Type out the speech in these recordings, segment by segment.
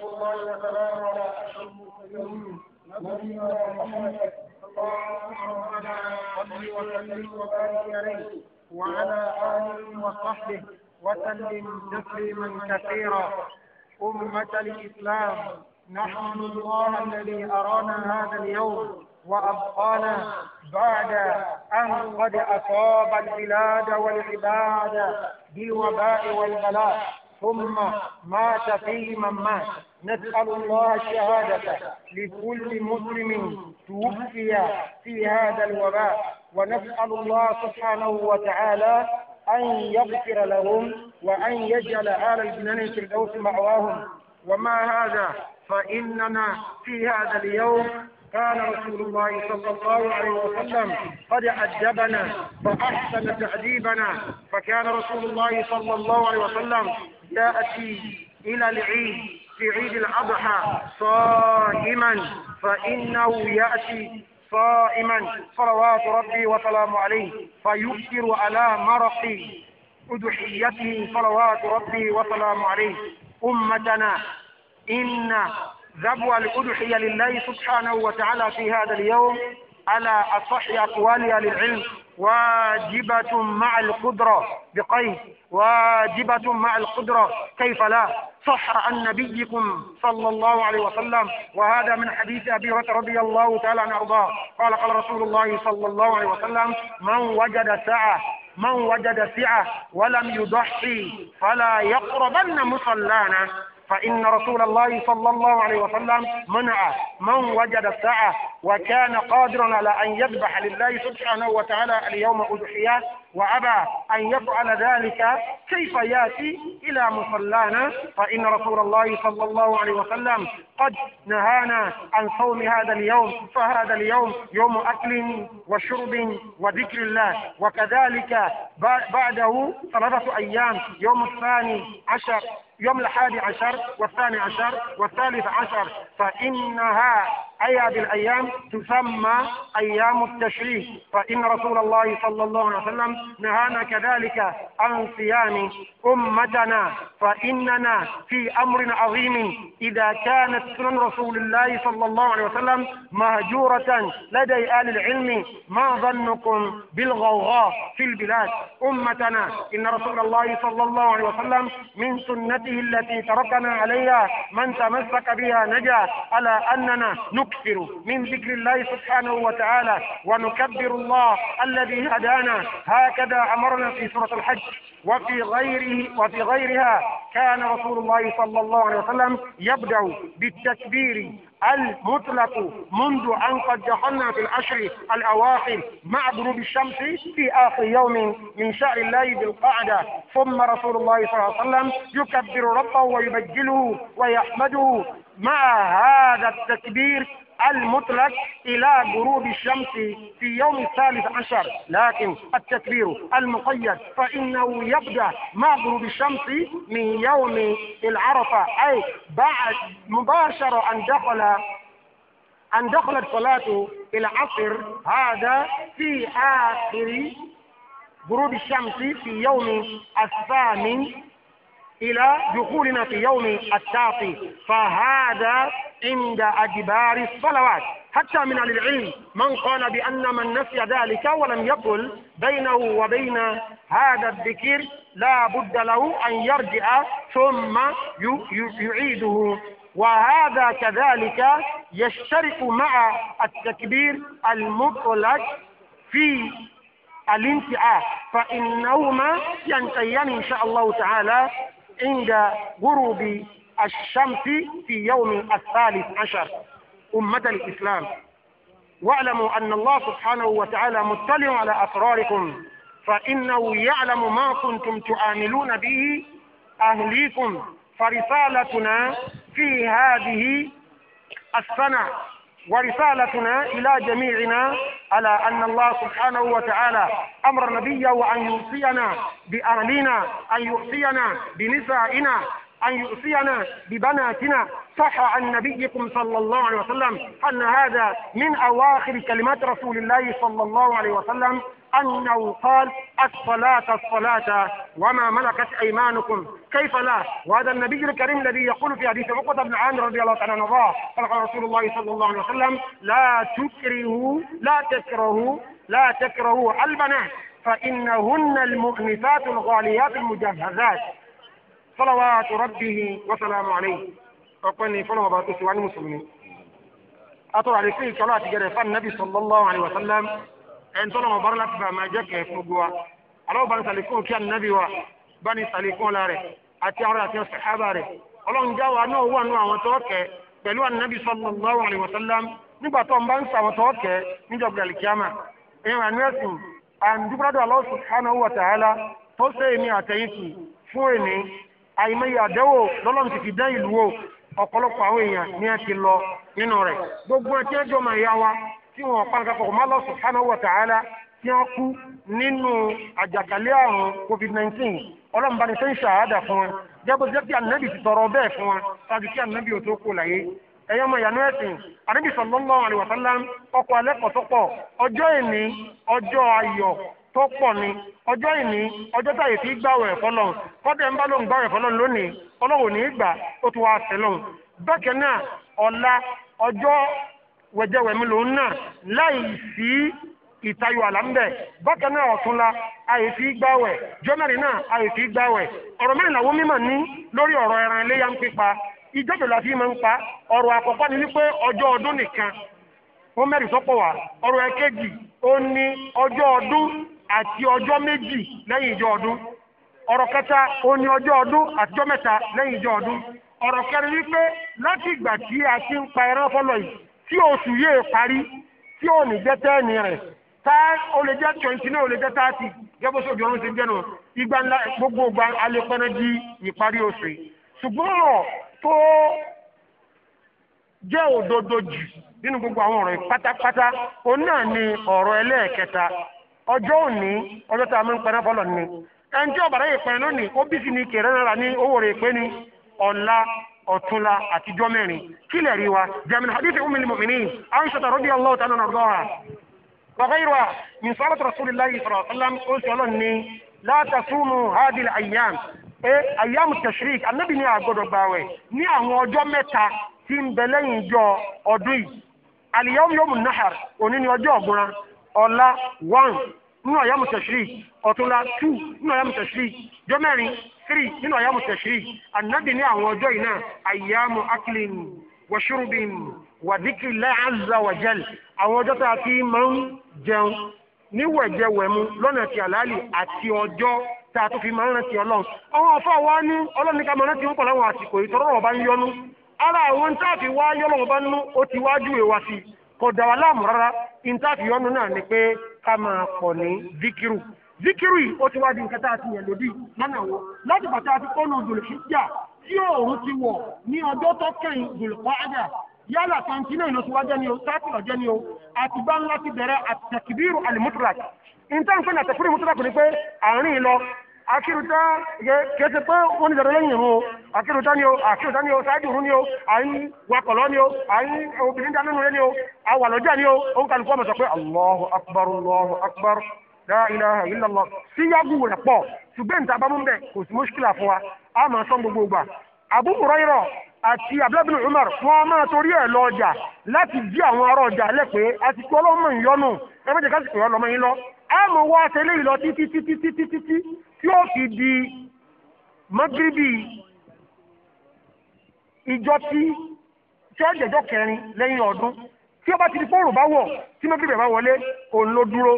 صلوات الله وسلامه على أشرف المرسلين نبينا محمد صلى اللهم صل وسلم وبارك عليه وعلى آله وصحبه وسلم تسليما كثيرا أمة الإسلام نحمد الله الذي أرانا هذا اليوم وأبقانا بعد أن قد أصاب البلاد والعباد بالوباء والبلاء ثم مات فيه من مات نسأل الله الشهادة لكل مسلم توفي في هذا الوباء ونسأل الله سبحانه وتعالى أن يغفر لهم وأن يجعل آل الجنان الفردوس مأواهم وما هذا فإننا في هذا اليوم قال رسول الله صلى الله عليه وسلم قد أدبنا فأحسن تأديبنا فكان رسول الله صلى الله عليه وسلم يأتي إلى العيد في عيد الأضحى صائما فإنه يأتي صائما صلوات ربي وسلام عليه فيكثر على مرق أضحيته صلوات ربي وسلام عليه أمتنا إن ذبوى الأضحية لله سبحانه وتعالى في هذا اليوم على أصح أقوال للعلم واجبة مع القدرة بقيد واجبة مع القدرة كيف لا صح عن نبيكم صلى الله عليه وسلم وهذا من حديث أبي هريرة رضي الله تعالى عنه أرضاه قال قال رسول الله صلى الله عليه وسلم من وجد سعة من وجد سعة ولم يضحي فلا يقربن مصلانا فإن رسول الله صلى الله عليه وسلم منع من وجد الساعة وكان قادرا على أن يذبح لله سبحانه وتعالى اليوم أضحية وأبى أن يفعل ذلك كيف يأتي إلى مصلانا فإن رسول الله صلى الله عليه وسلم قد نهانا عن صوم هذا اليوم فهذا اليوم يوم أكل وشرب وذكر الله وكذلك بعده ثلاثة أيام يوم الثاني عشر يوم الحادي عشر والثاني عشر والثالث عشر فإنها أي هذه الأيام تسمى أيام التشريق فإن رسول الله صلى الله عليه وسلم نهانا كذلك عن صيام أمتنا فإننا في أمر عظيم إذا كانت سنن رسول الله صلى الله عليه وسلم مهجورة لدي أهل العلم ما ظنكم بالغوغاء في البلاد أمتنا إن رسول الله صلى الله عليه وسلم من سنته التي تركنا عليها من تمسك بها نجا على أننا نكتب نكثر من ذكر الله سبحانه وتعالى ونكبر الله الذي هدانا هكذا أمرنا في سورة الحج وفي غيره وفي غيرها كان رسول الله صلى الله عليه وسلم يبدأ بالتكبير المطلق منذ أن قد دخلنا في العشر الأواخر مع غروب الشمس في آخر يوم من شهر الله بالقعدة ثم رسول الله صلى الله عليه وسلم يكبر ربه ويبجله ويحمده مع هذا التكبير المطلق إلى غروب الشمس في يوم الثالث عشر لكن التكبير المقيد فإنه يبدأ مع غروب الشمس من يوم العرفة أي بعد مباشرة أن دخل أن دخلت صلاة العصر هذا في آخر غروب الشمس في يوم الثامن إلى دخولنا في يوم التاقي فهذا عند أجبار الصلوات حتى من أهل العلم من قال بأن من نسي ذلك ولم يقل بينه وبين هذا الذكر لا بد له أن يرجع ثم يعيده وهذا كذلك يشترك مع التكبير المطلق في الانتعاء فإنهما ينتهيان إن شاء الله تعالى عند غروب الشمس في يوم الثالث عشر أمة الإسلام واعلموا أن الله سبحانه وتعالى مطلع على أسراركم فإنه يعلم ما كنتم تعاملون به أهليكم فرسالتنا في هذه السنة ورسالتنا إلى جميعنا على أن الله سبحانه وتعالى أمر نبيه وأن يوصينا بأهلنا أن يوصينا بنسائنا أن يوصينا ببناتنا صح عن نبيكم صلى الله عليه وسلم أن هذا من أواخر كلمات رسول الله صلى الله عليه وسلم أنه قال الصلاة الصلاة وما ملكت أيمانكم كيف لا وهذا النبي الكريم الذي يقول في حديث عقبة بن عامر رضي الله تعالى عنه قال رسول الله صلى الله عليه وسلم لا تكرهوا لا تكرهوا لا تكرهوا البنات فإنهن المؤنثات الغاليات المجهزات صلوات ربه وسلامه عليه أقول فلو باتوا سوى المسلمين أطلع لكي صلاة جريفان النبي صلى الله عليه وسلم ẹn tọ́lọ̀ wọn bára láti bá máa jẹ́ kẹ́ fún wa aláwọ̀ bá ní sàlékún kí ànábì wa bá ní sàlékún la rẹ̀ àti àwọn àti sàhábà rẹ̀ ọlọ́run já wa náà wà nù àwọn tó kẹ́ pẹ̀lú ànábì sallallahu alaihi wasallam nígbà tó ń bá ń sàwọn tó kẹ́ níjọba alikiyama ìrìn àánú ẹ̀sìn àǹdúgbàdọ̀ Allah subhanahu wa ta'ala tó ṣe èmi àtẹ̀yìntì fún èmi àìmọye àdẹ́wò lọ́lọ́run ti fi dán ìlú wò ọ̀pọ̀lọpọ̀ àwọn èèyàn ni ẹ ti lọ nínú rẹ̀ gbogbo ẹ tí ẹ jọ wa tí wọ́n pa nǹkan pọ̀ mọ́ Allah subhanahu wa ta'ala tí wọ́n kú nínú àjàkálẹ̀ àrùn covid-19 ọlọ́run bá ní sẹ́yìn ṣàhádà fún wọn jẹ́gbó jẹ́ kí ànábì ti tọrọ bẹ́ẹ̀ fún wọn tàbí kí ànábì ò tó kó láyé ẹ̀yọ́ ọmọ ìyànú ẹ̀sìn ànábì sallallahu alaihi wasallam ọkọ̀ alẹ́kọ̀ọ́ tó pọ̀ ọjọ́ ìní ọjọ́ ayọ̀ tó pọ̀ ni ọjọ́ ìní ọjọ́ táyé tí gbàwẹ̀ fọlọ́n kọ́dẹ̀ ń bá lóun gbàwẹ̀ fọlọ́n lónìí ọlọ́run ò ní í gbà ó ti wá sẹ́lọ̀n bákan náà ọ̀la ọjọ́ wẹ̀jẹ̀wẹ̀mí lòun náà láì sí ìtayọ àlàmbẹ̀ bákan náà ọ̀túnla àyèfi gbàwẹ̀ jọ́mẹ́rin náà àyèfi gbàwẹ̀ ọ̀rọ̀ mẹrin làwọn ní lórí ọ̀rọ̀ ẹran ń pípa fi máa ń pa àkọ́kọ́ ni wípé ọjọ ọdún nìkan ó wá ó ní ọdún àti ọjọ méjì lẹ́yìn ìjọ ọdún ọ̀rọ̀ kẹta ó ní ọdún àti a ti ń pa ẹran tí oṣù yìí parí tí ò ní jẹ́ tẹ́ẹ̀nì rẹ̀ tá o lè jẹ twenty náà ó lè jẹ́ thirty igba ńlá gbogbo ìgbà alẹ́ di ìparí oṣù yìí ṣùgbọ́n ọ̀rọ̀ tó jẹ́ òdodo jù nínú gbogbo àwọn ọ̀rọ̀ yìí pátápátá òun náà ni ọ̀rọ̀ ẹlẹ́ẹ̀kẹta ọjọ́ òní ọjọ́ tá a máa ń pẹ́rẹ́ fọlọ́ ni ẹnjẹ́ ọ̀bàrà yìí ọ̀túnla àtijọ́ mẹ́rin kílẹ̀ rí wa jamin hadithi umil mu'minin aisha radiyallahu ta'ala anha wa ghayruha min salat rasulillahi sallallahu alaihi wasallam ó sì ọlọ́run ní la tasumu hadhihi al-ayyam ẹ ayyam tashrik annabi ní àgọ́dọ̀ gbààwẹ̀ ní àwọn ọjọ́ mẹ́ta tí ń bẹ lẹ́yìn ìjọ ọdún yìí al-yawm nahar òní ni ọjọ́ ọ̀gbọ́n ọ̀la one nínú ọ̀yá mùsẹ̀ṣírì ọ̀túnla two nínú ọ̀yá mùsẹ̀ṣírì jọ́mẹ́rin three nínú ọ̀yá mùsẹ̀ṣírì ànábì ní àwọn ọjọ́ yìí náà àyàmù akilin wàṣúrùbìn wàdíkìlẹ̀ azza wa jal àwọn ọjọ́ tá a ti máa ń jẹun níwẹ̀jẹwẹ̀mu lọ́nà ti àlàálì àti ọjọ́ tá a tó fi máa ń rántí ọlọ́run àwọn ọ̀fọ̀ wa ní ọlọ́ni ká máa rántí ń pọ̀ láwọn àsìkò ìtọ́rọ̀ ti wájú kò dà wá láàmú rárá intanet yọnu náà ni pé ká máa pọ̀ ní zikiru zikiru yìí ó ti wá di nǹkan tá a ti yàn lódì lọ́nà wo láti bàtà àti kọ́nù dùlùkíjà tí òòrùn ti wọ̀ ní ọjọ́ tó kẹ́yìn dùlùkọ́ájà yálà twenty nine oṣù wájẹ́ ni o thirty ọjọ́ ni o àti bá ńlá ti bẹ̀rẹ̀ àtẹ̀kìbírù àlùmùtúrà intanet fún àtẹ̀kùrù mùtúrà kò ní pé àárín lọ akíruta kéte pé wọ́n ní dandan lẹ́yìn ìrún o akíruta ni o akíruta ni o ṣáájú ìrún ni o à ń wakọ̀lọ́ ni o à ń obìnrin dáná nínú rẹ ni o àwọn àlọ́jà ni o òun kàlùkù ọmọ sọ pé allahu akbar allahu akbar la ilaha illallah síyáàgù rẹ̀ pọ̀ ṣùgbọ́n ìta bá mú bẹ́ẹ̀ kò sí mọ́ṣíkìlà fún wa a máa sọ gbogbo gbà Abu Hurairah àti abúlébìnú Umar wọn máa torí ẹ̀ lọ láti jí àwọn ará ọjà lẹ́pẹ́ àti pé ọlọ́mọ ìyọnu ẹ ẹ mú wá tẹ́lẹ̀ ìlọ títí títí títí títí tí ó fi di mọ́gíríbì ìjọ tí tí ó jẹ́jọ́ kẹrin lẹ́yìn ọdún tí ó bá ti di fóòrùn bá wọ̀ tí mọ́gíríbì bá wọlé òun ló dúró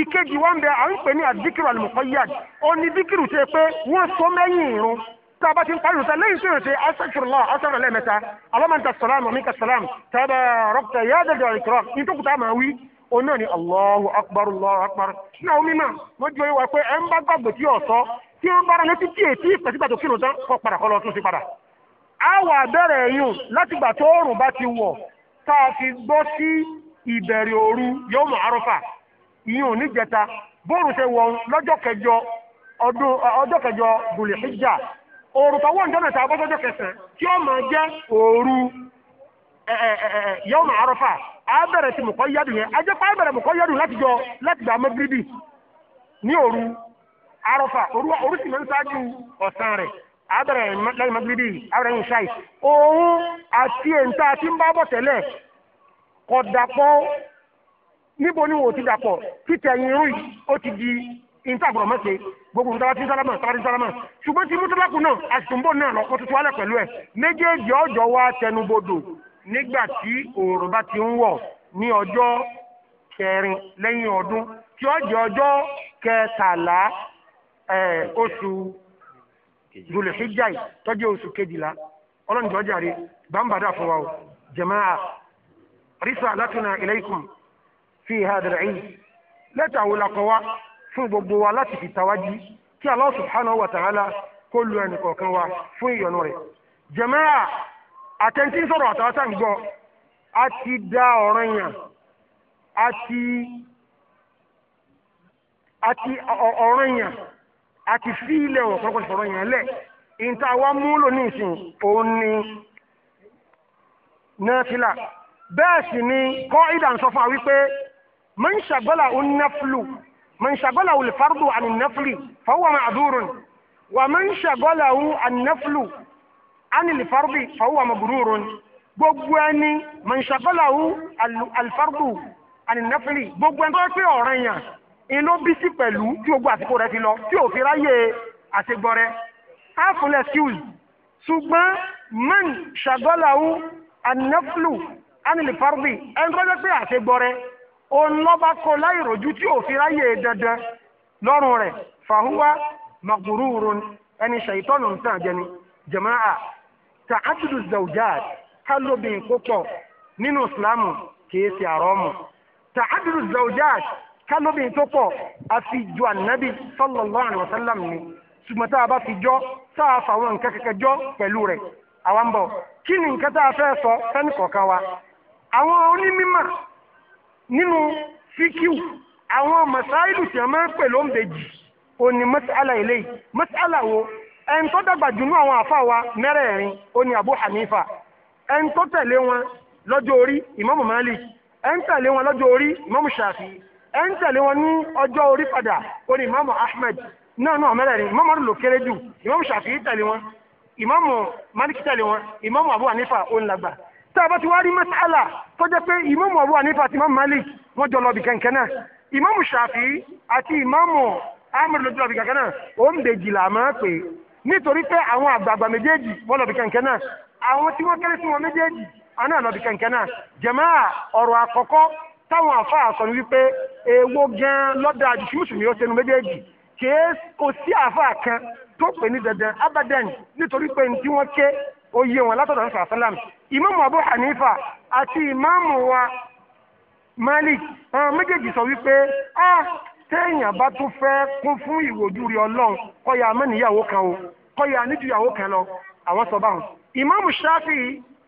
ìkejì wa ń bẹ à ń pè ní àdìkìrù àlùmọ̀kọ́yàd ó ní dìkìrù ṣe pé wọ́n so mẹ́yìn ìrun tá a bá ti ń parí ìrùsà lẹ́yìn tó yẹ ṣe asẹ́kìrìlá asẹ́kìrìlá lẹ́ẹ̀mẹ́ta alámọ̀ǹta sàlámù àmì kàsàlámù tàbí rọ́pútà yáàdẹ̀dẹ̀ ìkìrọ̀ ní tó kùtà wí òun náà ni allahu akbar allahu akbar náà omi náà mo jẹ́ pé ẹ̀ ń bá gbàgbé tí yóò sọ tí ń bára létí tí kọ́ padà kọ́ lọ tún a wà bẹ̀rẹ̀ yùn láti gbà tó oòrùn ti wọ̀ tá a fi gbọ́ sí ìbẹ̀rẹ̀ yóò mọ̀ arọ́fà ìyẹn ò ní jẹta lọ́jọ́ kẹjọ ọdún ọjọ́ kẹjọ abẹ̀rẹ̀ ti mùkọ́ yádù yẹn ajẹ́ pé abẹ̀rẹ̀ mùkọ́ yádù láti jọ láti gbà mẹ́gírídì ní òru arọ́fà òru òru sì máa ń ṣáájú ọ̀sán rẹ̀ abẹ̀rẹ̀ lẹ́yìn mẹ́gírídì abẹ̀rẹ̀ yìí òun àti èǹta tí ń bá bọ̀ tẹ́lẹ̀ níbo ni wò ó ti dàpọ̀ títẹ̀yìn irú yìí ó ti di nta àbúrò mẹ́sẹ̀ gbogbo nta ti sálámà tí sálámà ṣùgbọ́n tí mutulaku náà àtúntò náà lọ kó tuntun alẹ́ pẹ̀lú ẹ̀ méjèèjì ọjọ́ wa tẹnubodò nígbà tí òòrùn bá ti ń wọ̀ ní ọjọ́ kẹrin lẹ́yìn ọdún tí ó jẹ́ ọjọ́ kẹtàlá oṣù zulhijjai tọ́jú oṣù kejìlá ọlọ́run jàre bàǹbàdà fún wa o jẹ̀máà risalatuna fi hadha al lẹ́tà wo la kọ wa fún fi kí subhanahu wa ta'ala kó lu ẹnì kọ̀ọ̀kan wa àtẹ̀ntì ń sọ̀rọ̀ àtàwọn sáà ń gbọ́ a ti da ọ̀ràn yàn a ti a ti ọ̀ràn yàn a ti fi ilẹ̀ wọ̀ pẹ́pẹ́ sọ̀rọ̀ yàn lẹ̀ ìta wa mú lò ní ìsìn òun ni náfìlà bẹ́ẹ̀ sì ni kọ́ ìdà ń sọ fún wa wípé man ṣàgbọ́là òun náfìlù man ṣàgbọ́là òun lè fárúdù àní náfìlì fọwọ́ àdúrún wà man ṣàgbọ́là òun àní náfìlù anil fardi fawwa mabrurun gbogbo ẹni mọ̀nsàfẹ́làwù alifardu aninafili gbogbo ẹni tó pé ọ̀rẹ́ yàn inú bísí pẹ̀lú tí o gbọ́ àsìkò rẹ ti lọ tí o fi ráyè àṣegbọrẹ áfúnlẹ̀ skills ṣùgbọ́n mọ̀nsàfẹ́làwù aninafili anilifardi ẹni tó pé àṣegbọrẹ òun lọ́ba kọ láì rojú tí o fi ráyè dandan lọ́rùn rẹ̀ fàhùwà magrurun ẹni ṣàìtọ́nù ń tàn jẹni jẹ̀máà tààtùdù zawjad kálóbìn kópọ̀ nínú ìsìlámù kìí ṣe àrọ́mù tààtùdù zawjad kálóbìn tó pọ̀ àfi ju ànábì sallallahu alaihi wasallam ni ṣùgbọ́n tá a bá fi jọ́ tá a fàwọn nǹkan kẹ̀kẹ́ jọ́ pẹ̀lú rẹ̀ àwa bọ̀ kí ni nǹkan tá a fẹ́ sọ fẹ́ni kọ̀ọ̀kan wa àwọn onímọ̀ nínú fíkíù àwọn masáìlù tí a máa ń pè lóǹbejì òní mas'ala eléyìí mas'ala wo ẹni tó dàgbà jù nú àwọn àfa wa mẹ́rẹ̀ẹ̀rin ó ní Abu Hanifa ẹni tó tẹ̀lé wọn lọ́jọ́ orí Imam Malik ẹni tẹ̀lé wọn lọ́jọ́ orí Imam Shafi ẹni tẹ̀lé wọn ní ọjọ́ orí padà ó ní Imam Ahmed náà náà mẹ́rẹ̀ẹ̀rin Imam Malik ló kéré jù Imam Shafi tẹ̀lé wọn Imam Malik tẹ̀lé wọn Imam Abu Hanifa ó ń lagbà tá a bá ti wá rí mẹ́sàlá tó jẹ́ pé Imam Abu Hanifa àti Imam Malik wọ́n jọ lọ bì kẹ̀kẹ́ náà Imam Shafi àti Imam Ahmed ló jọ lọ bì kẹ̀kẹ́ náà ó ń dèjìlá máa pè é nítorí pé àwọn àgbààgbà méjèèjì wọ́n lọ́bi kẹ̀kẹ́ náà àwọn tí wọ́n kéré sí wọn méjèèjì àná lọ́bi kẹ̀kẹ́ náà jàmáà ọ̀rọ̀ àkọ́kọ́ táwọn àfáà sọ ní wípé èwo gan lọ́dà àjùsí mùsùlùmí ó sẹnu méjèèjì kìí kò sí àfáà kan tó pè ní dandan abadan nítorí pé ní tí wọ́n ké oyè wọn látọ̀dọ̀ sọ̀rọ̀ sálàm ìmáàmù Abu Hanifa àti ìmáàmù wa Malik àwọn méjèèjì sọ wípé ah, téèyàn bá tún fẹ́ kún fún ìwòjú rí ọlọ́run kọ́ya mẹ́nìyàwó kan o kọ́ya nídìyàwó kan lọ àwọn sọ báwọn. ìmáàmù Ṣáfì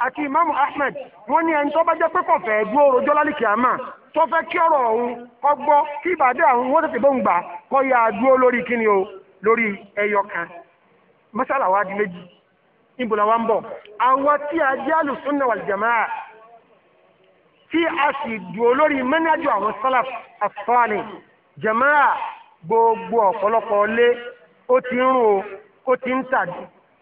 àti ìmáàmù Ahmed wọ́n ní ẹni tó bá jẹ́ pé kò fẹ́ dúró rojọ́ lálìkì àmà tó fẹ́ kí ọ̀rọ̀ ọ̀hún kọ́ gbọ́ kí ìbàdí àwọn wọ́n tètè bóun gbà kọ́ya dúró lórí kíni o lórí ẹyọ kan. mọ́sálà wa di méjì níbo la wa ń bọ̀ àwọn tí a jẹ́ alùsùnà wàlìjàmáà tí a sì dúró lórí mẹ́nájú àwọn sálàf àfọ́àní jamaa gbogbo ọ̀pọ̀lọpọ̀ lé ó ti ń rún o ó ti ń tà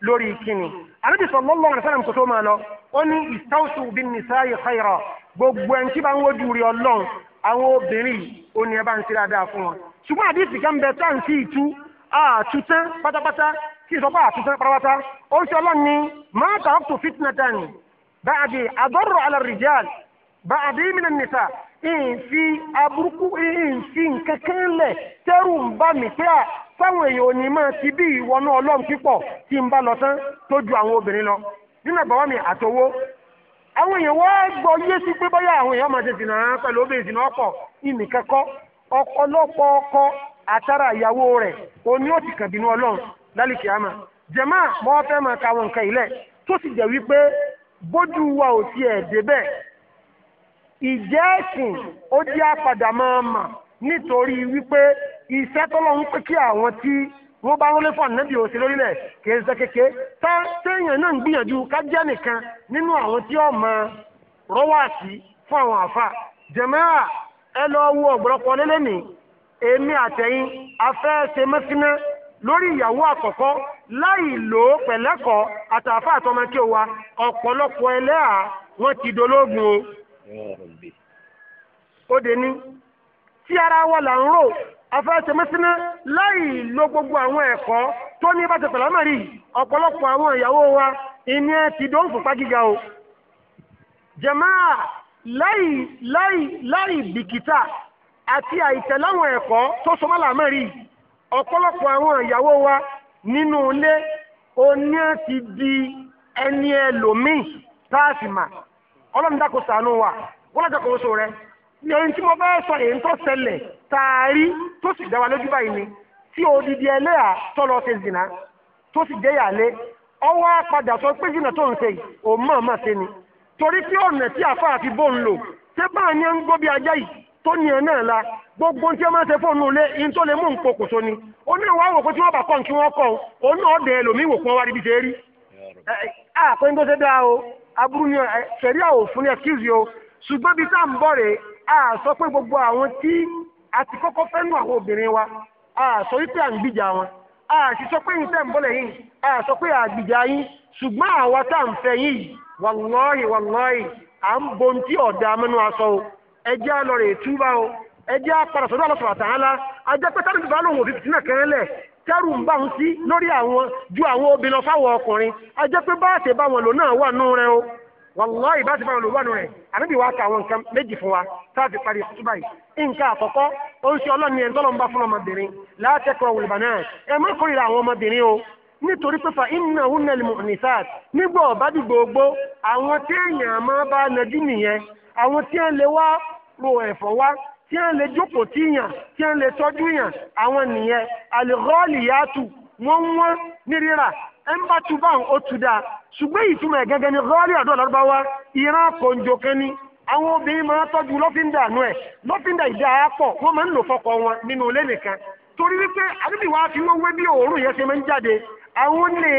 lórí kíni àbíbi sallallahu alaihi wasallam kò tó máa lọ ó ní istawsu bin nisa'i khayra gbogbo ẹni tí bá ń wojú rí ọlọ́run àwọn obìnrin ò ní ẹ bá ń ṣe dáadáa fún wọn ṣùgbọ́n àdìsí kan bẹ tá à ń sí ìtú àtúntán pátápátá kí ìsọpá àtúntán pátápátá ó ń ṣe ọlọ́run ní ma taraktu fitnatan ba'di adarru ala rijal ba'di minan nisa' ìfi aburúkú ìfi nǹkan kan lẹ̀ tẹ́rù ń bá mi pé à fáwọn èèyàn òní máa ti bí ìwọnú ọlọ́run pípọ̀ tí ń bá lọ tán tó ju àwọn obìnrin lọ nínú mi àtọwó àwọn èèyàn wá gbọ́ yé pé báyà àwọn èèyàn máa ṣe dìnnà pẹ̀lú obìnrin ìdìnnà ọkọ̀ ka àwọn nǹkan tó sì jẹ́ wípé bójú wa ò tiẹ̀ ìjẹ́ ẹ̀sìn ó jẹ́ àpàdà máa mà nítorí wípé iṣẹ́ tọ́lọ́ ń pé kí àwọn tí wọ́n bá rólé fún ànábì òsè lórílẹ̀ kìí ṣe kéke tá téèyàn náà ń gbìyànjú ká jẹ́ nìkan nínú àwọn tí ó mọ rọ́wàsí fún àwọn àfa jẹ̀mẹ́rà ẹ lọ wo ọ̀gbọ̀rọ̀pọ̀ lélẹ́mì èmi àtẹ̀yìn afẹ́ mẹ́síná lórí ìyàwó àkọ́kọ́ láì lò ó pẹ̀lẹ́kọ̀ọ́ àtàfà àtọmọkẹ́ wa ọ̀pọ̀lọpọ̀ ẹlẹ́à wọ́n ti dológun o. ó dé ní tí ara wa là ń rò afẹ́sẹ̀mẹ́sẹ́mẹ́ láì lo gbogbo àwọn ẹ̀kọ́ tó ní bá ti pẹ̀lú àmọ́ rí ọ̀pọ̀lọpọ̀ àwọn ìyàwó wa ìní ẹ gíga o jàmáà láì láì láì bìkítà àti àìtẹ̀láwọn ẹ̀kọ́ tó sọmọ́ làmọ́ rí ọ̀pọ̀lọpọ̀ àwọn ìyàwó wa nínú ilé ọlọ́run dákò sànú wa wọ́n lájọ kò Ni rẹ tí mo bẹ́ sọ èyí tó ṣẹlẹ̀ tààrí tó sì dá wa lójú báyìí ni tí odidi ẹlẹ́yà tọ́lọ ṣe zìnà tó sì jẹ́ yàlé ọwọ́ padà sọ pé zìnà tó ń ṣe òun mọ̀ mọ̀ ṣe ni torí pé ọ̀nà tí àfa àti bóun lò ṣé báà ní ń gbó bí ajá yìí tó ní ẹ náà la gbogbo tí wọ́n máa ń ṣe fóònù lé in tó lè mú nǹkan kòso ni ó ní pé tí wọ́n bá kọ́ ní kí wọ́n kọ́ òun náà dẹ̀ ẹlòmíì wò kí wọ́n àpé ah, ní tó ṣe dáa o aburú yẹn eh, ṣẹ̀rí àwọn òfin ní ẹ̀kíìsì o ṣùgbọ́n bí tá ń bọ̀ rè á sọ pé gbogbo àwọn tí a ti kọ́kọ́ fẹ́ àwọn obìnrin wa á sọ wípé à ń gbìjà wọn á sì sọ pé yín tẹ̀ ń bọ̀lẹ̀ yín á sọ pé àgbìjà yín ṣùgbọ́n àwa tá à ń fẹ́ yín yìí wàlọ́ọ̀hì à ń bohun tí ọ̀dà mẹ́nu aṣọ o ẹjẹ́ àlọ́ rè o ẹjẹ́ àtàhálà kẹrẹ́lẹ̀ kẹ́rù ń bá wọn sí lórí àwọn ju àwọn obìnrin fáwọn ọkùnrin a pé bá báàtì bá wọn lò náà wà nù rẹ o wàláhì bá wọn lò wà rẹ àbíbi àwọn nǹkan méjì fún wa táàtì parí ìtúbà yìí nǹkan àkọ́kọ́ ọlọ́ni ẹ̀ tọ́lọ́ ń bá fún ọmọbìnrin wùlùbà o nítorí pé fa iná nígbà ọ̀bá gbogbo àwọn tí èèyàn máa bá nìyẹn àwọn tí wọ́n lè tí a lè jókòó tí yàn tí a lè tọ́jú yàn àwọn nìyẹn àlùkọ́ọ̀lì yàtù wọ́n wọ́n ní rírà ẹ̀ ń bá tu báwọn ó tu dáa ṣùgbọ́n ìtumọ̀ ẹ̀ gẹ́gẹ́ ni rọ́ọ̀lì ọ̀dọ́ bá wá ìran kòǹjò kan ni àwọn obìnrin máa tọ́jú lọ́fíńdà ẹ̀ lọ́fíńdà ìdá wọ́n máa ń lò wọn nínú ilé nìkan torí wípé àdúgbò wa fi wọ́n wé bí òórùn yẹn ṣe máa ń jáde àwọn ilé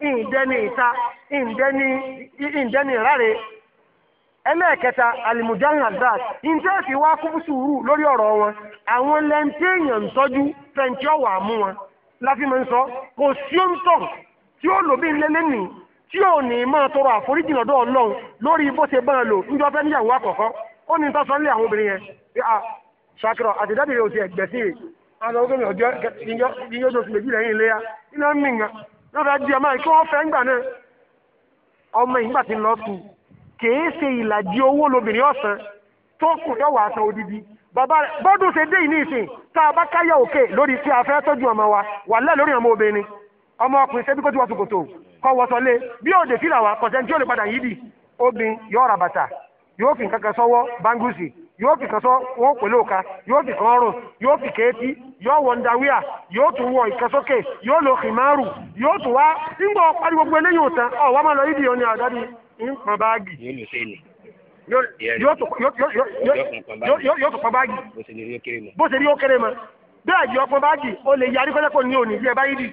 ìǹdẹ́ni ìta ìǹdẹ́ni ìǹdẹ́ni ìráre ẹlẹ́ẹ̀kẹta alimujahadat ǹjẹ́ ti wá kún sùúrù lórí ọ̀rọ̀ wọn àwọn lẹ́ńtẹ́yìn ń tọ́jú fẹ̀ǹtì ọ̀wà mú wọn láfíìmọ̀ ń sọ kò sí ó ń tọ̀ tí ó lòbí ńlẹ́lẹ́ nì tí ò ní máa tọrọ àforíjì lọ́dọ̀ ọlọ́run lórí bó ṣe bára lò níjọ́ fẹ́ níyàwó àkọ́kọ́ ó ní tọ́sọ nílé àwọn obìnrin yẹn ṣàkìrọ̀ àtẹ̀jáde rẹ̀ ò ti ẹ̀gbẹ́ sí i àwọn ọgbẹ́ni ọjọ́ ìyọ́jọ́ oṣù méjì lẹ́yìn lọ́dọ̀ di ọmọ yìí kí wọ́n fẹ́ ńgbà náà ọmọ yìí gbà tí ń lọ sùn kìí ṣe ìlàjì owó ọ̀sán tó kù wà odidi bàbá rẹ bọ́dún ṣe dé ìní ìsìn tá a bá káyà tí a fẹ́ tọ́jú ọmọ wa wà lẹ́ lórí ọmọ obìnrin ọmọ ọkùnrin ṣe bí kò tí wọ́n wa lè padà yídì obìnrin yóò yóò fi kan sọ wọn pè lóòka yóò fi kan ọrùn yóò fi kéétí yóò wọ ndawíà yóò tún wọ ìkẹsókè yóò lo kìmáàrù yóò tún wá nígbà ọparí gbogbo eléyìí ò tán ọ wá máa lọ yídi òní àdáni nǹkan báàgì. yóò tún pọn báàgì bó ṣe rí ó kéré mọ bẹ́ẹ̀ yọ pọn báàgì ó lè yarí kọ́lẹ́kọ̀ọ́ ní òní bí ẹ bá yídi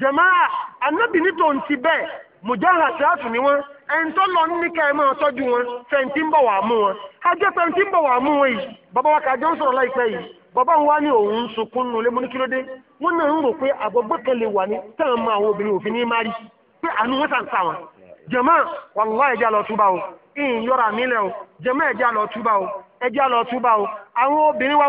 jẹ̀máà anábì ní tòun ti bẹ́ẹ̀ mùjáhà síláàtù ni wọ́n ẹni tó lọ ní ká ẹ máa tọ́jú wọn fẹ̀ǹtì ń bọ̀ wá mú wọn a jẹ́ fẹ̀ǹtì ń bọ̀ wá mú wọn yìí bàbá wa kàjọ ń sọ̀rọ̀ láìpẹ́ yìí bàbá wa ní òun sunkún nulẹ̀ mú ní kí ló dé wọ́n náà ń rò pé àgbọ̀gbọ́ kan lè wà ní mọ àwọn obìnrin òfin ní pé àánú wọn sàn jẹ̀mọ́ o ìyìn yọra mílẹ̀ o jẹ̀mọ́ ẹ̀já lọ o lọ o àwọn obìnrin wa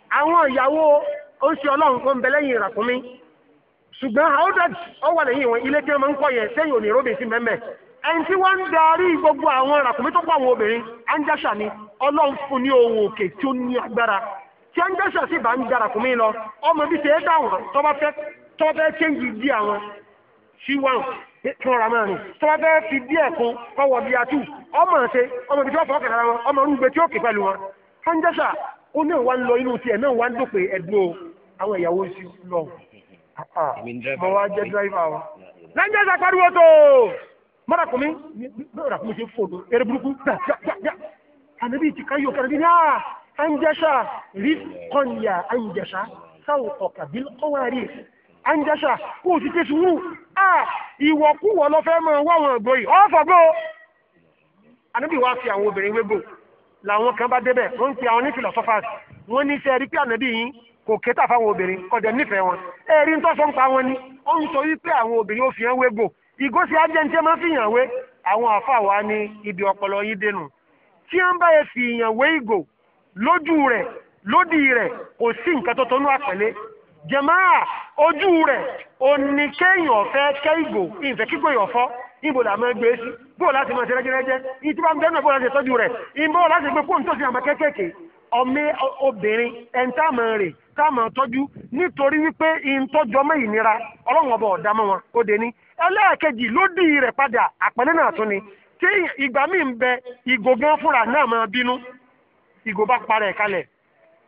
àwọn ìyàwó oṣù ọlọ́run kan bẹ lẹ́yìn ràkúnmí ṣùgbọ́n haudad ọwọ́ lẹ́yìn wọn ilé tí wọ́n ń kọ́ yẹn sẹ́yìn òní róbì sí mẹ́mẹ́ ẹni tí wọ́n ń darí gbogbo àwọn ràkúnmí tó pọ̀ àwọn obìnrin ni ọlọ́run fún ní ohun òkè tí ó ní agbára tí sì bá ń lọ ọmọ àwọn sí wà mẹ́rin fi ó náà wá ń lọ inú tiẹ̀ náà wá ń dòpè ẹ̀dùn o àwọn ìyàwó sí lọ mọ wá jẹ́ dírẹ́fà wa. lẹ́yìn ẹ̀sà pariwo tó mọ́ra kùnmí mọ́ra kùnmí ṣe fòdò eré burúkú gbàgbàgbà ànábì ti ká yóò kẹrìndínlá anjẹ́sà rí kọ́nyà anjẹ́sà sáwọn ọ̀kà bí kọ́wárì ah, anjẹ́sà kó o ti ṣe sùúrù à ah, ìwọ̀kúwọ̀ lọ mọ̀ wọ́n àwọn ọ̀gbọ́n yìí ọ̀ làwọn kan bá débẹ̀ wọ́n ń pe àwọn ní philosophers wọ́n ní sẹ́ẹ̀rí pé ànábì yín kò kéta fáwọn obìnrin kọjá nífẹ̀ẹ́ wọn ẹ̀rí ń tọ́sọ́ ń pa wọn ni ó ń sọ wípé àwọn obìnrin ó fi hàn wégbò ìgòsí ajẹ́ntì máa ń fi hàn wé àwọn àfáà wa ní ibi ọpọlọ yín dénú tí wọ́n bá yẹ fi hàn wé ìgò lójú rẹ̀ lódì rẹ̀ kò sí nǹkan tó tonú àpẹ̀lé jẹ̀máà ojú rẹ̀ òní kéèyàn fẹ́ kẹ́ ìgò ìfẹ́ kíkó ibo la máa gbé sí bóò láti máa ṣẹlẹ̀ jẹrẹjẹ ìtura ń bẹ́ẹ̀ náà bóò láti tọ́jú rẹ̀ ìbò láti gbé fóònù tó ti àmọ́ kékèké ọmọ obìnrin ẹ̀ńtà máa rè ká máa tọ́jú nítorí wípé ìtọ́jọ́ mọ́ ìnira ọlọ́run ọba ọ̀dá mọ́ wọn ó dé ní ẹlẹ́ẹ̀kejì ló dì í rẹ̀ padà àpẹẹrẹ náà tún ni tí ìgbà míì ń bẹ ìgò gan fúnra náà máa bínú ìgò bá parẹ̀ kalẹ̀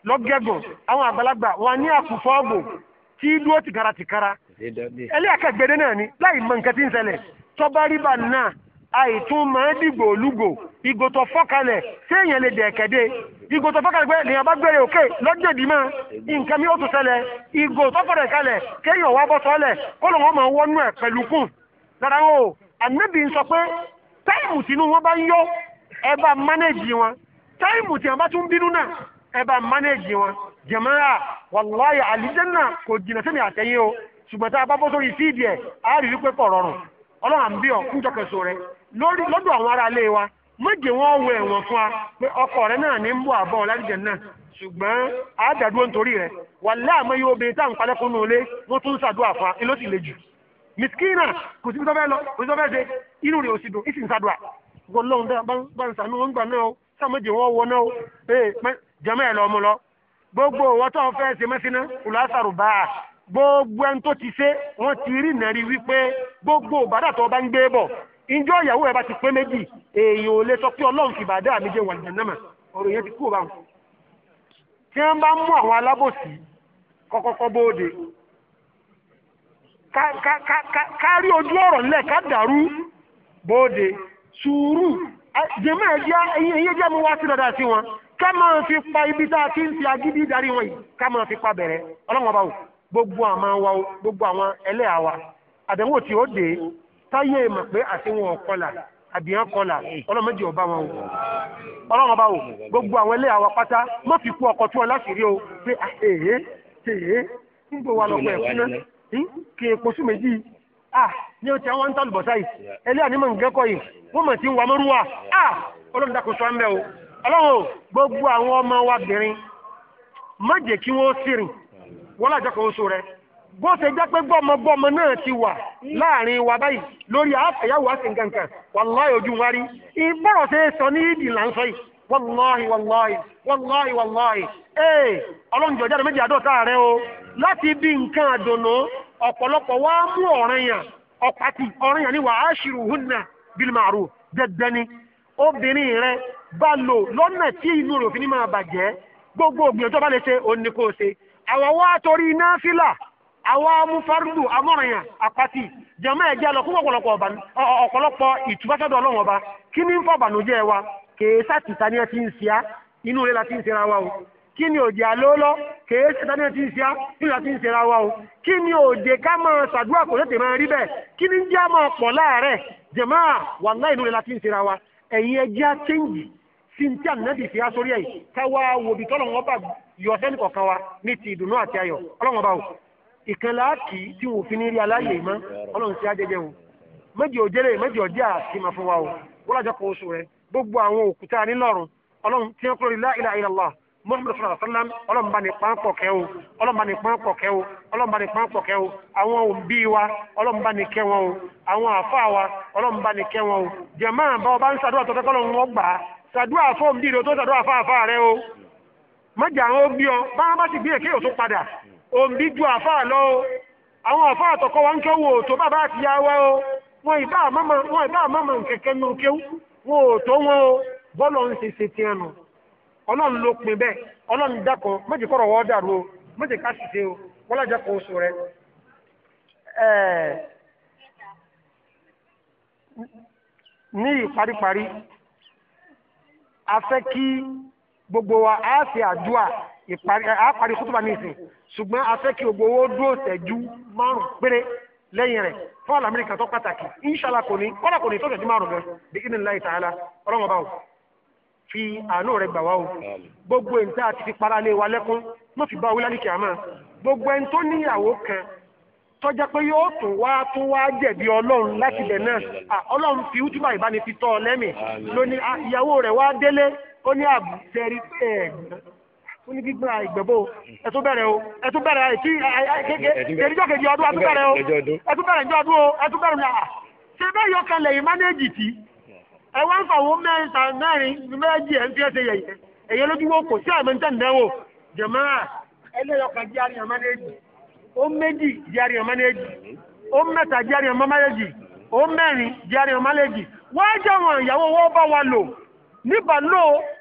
lọ́gẹ́gùn àwọn àgbàlagbà wọn ní àkùfọ́ ọ̀gbò tí dúró tìkara tìkara ẹlẹ́ẹ̀kẹgbẹ̀rẹ̀ náà ni láì mọ nǹkan tí tọ́bárìbà náà àìtún máa dìgbò olúgbò ìgò tó fọ́kalẹ̀ tí èèyàn lè dẹ̀kẹ́dẹ́ ìgò tó fọ́kalẹ̀ pé lèèyàn bá gbére òkè lọ́jẹ̀dì máa nǹkan mi ó tún ṣẹlẹ̀ ìgò tó fọ́rẹ̀ yọ ẹ bá mánéèjì wọn táìmù bá tún bínú náà ẹ bá mánéèjì wọn a bá bọ́ sórí ọlọ́run àbí ọ ń jọkẹ̀sọ rẹ lórí lọ́dọ̀ àwọn ará ilé wa méje wọn wọ ẹ̀wọ̀n fún wa pé ọkọ rẹ náà ní ń bọ̀ àbọ̀ lálẹ́jẹ̀ náà ṣùgbọ́n àádàdúró nítorí rẹ wàlẹ́ àmọ́ yóò bẹ táwọn palẹ́kùn nù lé wọ́n tún ń ṣàdúrà fún wa ló sì le jù miskina kò síbi tó fẹ́ lọ kò síbi tó fẹ́ ṣe inú rẹ̀ ò sì dùn ìsìn ṣàdúrà wọn lọ́hùn dá bá ń sànú wọn gbà náà o sàmójì wọn wọ náà o ee jẹ́mọ́ ẹ̀ lọ́mú lọ gbogbo wọn tó fẹ́ ṣe mẹ́sìnà kùlásàrù báà gbogbo ẹni tó ti ṣe wọn ti rí nàrí wípé gbogbo ìbàdà tó bá ń gbé bọ̀ ìjọ ìyàwó ẹ bá ti pé méjì èèyàn ò lè sọ pé ọlọ́run fi bàdà mi jẹ wà mà ọ̀rọ̀ yẹn ti kú báwọn. tí wọ́n bá mú àwọn alábòsí kọ́kọ́kọ́ bóde kárí ojú ọ̀rọ̀ ká dàrú bóde sùúrù jẹ́mọ̀ ẹ̀jẹ̀ ẹ̀yẹ́ wá sí pa ibi tá a ti ń fi agídí darí wọn pa bẹ̀rẹ̀ ọlọ́run gbogbo àwọn wa gbogbo àwọn ẹlẹ́yà wa àdánwò tí ó dé táyé mọ̀ pé àti wọn kọlà àbíyàn kọlà ọlọ́mọdé ọba wọn o ọlọ́run ọba o gbogbo àwọn ẹlẹ́yà wa pátá má fi kú ọkọ̀ tí wọn láti rí o pé àhèhè ah, tèhè ń gbọ́ wa lọ́pọ̀ ẹ̀kú náà kí epo sùn méjì ah ní o ti àwọn ń tàlùbọ̀ sáyì ẹlẹ́yà ní mọ̀ ń gẹ́kọ̀ yìí wọ́n mọ̀ tí ń wa mọ́rúwà ah ọlọ́run dákun sọ ń bẹ́ o ọlọ́run gbogbo àwọn ọmọ wa bìnrin má jẹ́ kí wọ́n sìrìn wọ́n lájọ kan oṣù rẹ̀ bó ṣe jẹ́ pé gbọ́mọgbọ́mọ ti wà láàrin wa báyìí lórí àfẹ̀yàwó àti nǹkankan wàláhì ojú wa rí ìbọ̀rọ̀ ṣe sọ ní ìdì là ń sọ yìí wàláhì wàláhì ee ọlọ́njọ́ jáde méjì àdọ́ta rẹ o láti bí nǹkan àdùnnú ọ̀pọ̀lọpọ̀ wá mú gbogbo lè ṣe òun ni kò àwọn wá torí náfìlà àwọn amúfarúdù amọ̀rìyàn àpàtì jẹ̀mọ́ ẹ̀jẹ̀ lọ fún ọ̀pọ̀lọpọ̀ ọ̀pọ̀lọpọ̀ ìtúbátọ́dọ̀ ọlọ́run ọba kí ní ń fọ̀bànújẹ́ wa kèé sàtìta ni ẹ ti ń ṣíá inú rẹ̀ la ti ń ṣera wa o kí ni òjì àlóòlọ́ kèé sàtìta ni ẹ ti ń ṣíá inú rẹ̀ la ti ń ṣera wa o kí ni òjì ká máa ṣàdúrà kò tètè máa rí bẹ́ẹ̀ kí ní jẹ́ máa pọ̀ láàárẹ̀ jẹ̀mọ́ yọ sẹ́ni kọ̀ọ̀kan wa ní ti ìdùnnú àti ayọ̀ ọlọ́run ọba o ìkànnì àkì tí wò fi ní rí aláyè mọ́ ọlọ́run sí ajẹjẹ o méjì òjèrè méjì ọjà àti máa fún wa o wọ́n lájọ kọ oṣù rẹ gbogbo àwọn òkúta nílọ́run ọlọ́run tí wọ́n kúrò ní láìlà ìlàlá muhammed sallallahu alaihi wa sallam ọlọ́mba ní pàǹpọ̀ kẹ́ o ọlọ́mba ní pàǹpọ̀ kẹ́ o ọlọ́mba ní pàǹpọ̀ kẹ́ o àwọn òbí wa ọlọ́mba ní kẹ́ wọn o àwọn àfa wa ọlọ́mba ní kẹ́ wọn o jẹ̀máà mọ́jà àwọn ogbí ọ bá wọn bá sì gbìyànjú e èyí padà ju àfáà lọ o àwọn àfáà tọkọ wa ń kẹ́ wò tó bàbá àti ya wa o wọn ìbá àmọ́mọ́ wọn ìbá àmọ́mọ́ nkẹ̀kẹ́ nù kéwú wọn ò tó wọn o bọ́ọ̀lù ń ṣe ṣe tiẹ̀ nù ọlọ́run ló pin bẹ́ẹ̀ méjì o méjì ká o wọ́n lájà kó oṣù rẹ. ní ìparíparí a kí. gbogbo wa á ṣe àdúà ìparí á parí kútùbà ní ìsìn ṣùgbọ́n a fẹ́ kí gbogbo owó dúró ṣẹ́jú márùn péré lẹ́yìn rẹ̀ fún àlàmìnìkan tó pàtàkì inṣàlá kò ní kọ́lá kò ní tó ṣẹ́jú márùn gan bí inú ńlá ìtàhálà ọlọ́wọ́n bá o fi àánú rẹ̀ gbà wá o gbogbo ẹni tá a ti fi para lé wa lẹ́kún ló fi bá wílá ní kìámà gbogbo ẹni tó níyàwó kan tọ́jà pé yóò tún wá tún wá jẹ̀bi ọlọ́run láti bẹ̀ náà ọlọ́run fi útúbà ìbánifitọ́ lẹ́mìí lónìí ìyàwó rẹ̀ wá délé ó ní ó ní ẹ tún o ẹ tún bẹ̀rẹ̀ àìsí ẹ̀ẹ́dẹ́jọ́ kejì ọdún ẹ tún bẹ̀rẹ̀ o ẹ tún bẹ̀rẹ̀ ìjọ ọdún o ẹ tún bẹ̀rẹ̀ ní ah, ṣe bẹ́ẹ̀ yọ kalẹ̀ yìí mánéèjì tí ẹ wá ń mẹ́ta mẹ́rin ẹ̀ ń fi ẹsẹ̀ ẹ̀yẹ lójú wo kò sí àmì ń tẹ̀lé mánéèjì ó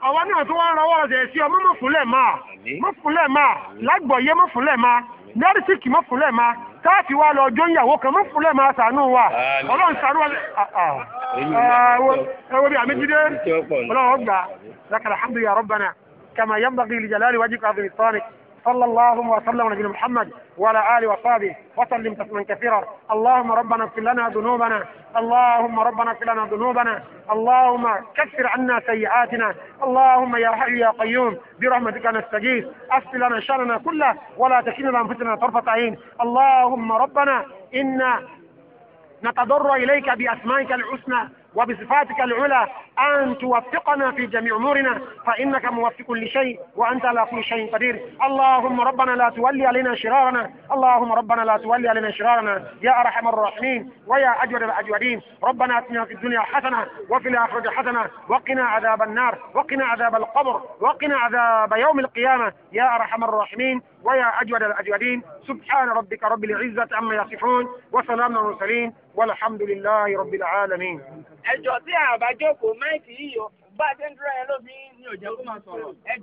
àwa náà tó wá ń rawọ́ ọ̀sẹ̀ sí ọmọ mọ̀fúnlẹ̀ máa mọ̀fúnlẹ̀ máa lágbọ̀ọ́yé mọ̀fúnlẹ̀ máa mẹ́rìsìkì mọ̀fúnlẹ̀ máa káàfi wa lọ jó ìyàwó kan mọ̀fúnlẹ̀ máa ṣàánú wa ọlọ́run ṣàánú wa ẹ wo bí àmì jíde ọlọ́run gbà lákàlà hàmdùyà rabbana kàmá yambaghi li jalali wajhika àfihàn صلى الله وسلم على نبينا محمد وعلى آله وصحبه وسلم تسليما كثيرا اللهم ربنا اغفر لنا ذنوبنا اللهم ربنا اغفر لنا ذنوبنا اللهم كفر عنا سيئاتنا اللهم يا حي يا قيوم برحمتك نستغيث اغفر لنا شأننا كله ولا تكلنا أنفسنا طرفة عين اللهم ربنا إنا نتضرع إليك بأسمائك الحسنى وبصفاتك العلى أن توفقنا في جميع أمورنا فإنك موفق لشيء وأنت على كل شيء قدير اللهم ربنا لا تولي علينا شرارنا اللهم ربنا لا تولي علينا شرارنا يا أرحم الراحمين ويا أجود الأجودين ربنا أتنا في الدنيا حسنة وفي الآخرة حسنة وقنا عذاب النار وقنا عذاب القبر وقنا عذاب يوم القيامة يا أرحم الراحمين ويا أجود الأجودين سبحان ربك رب العزة عما يصفون وسلام المرسلين والحمد لله رب العالمين ẹjọ́ tí àbájókòó máìkì yìí yọ bá a ṣe ń dúró yẹn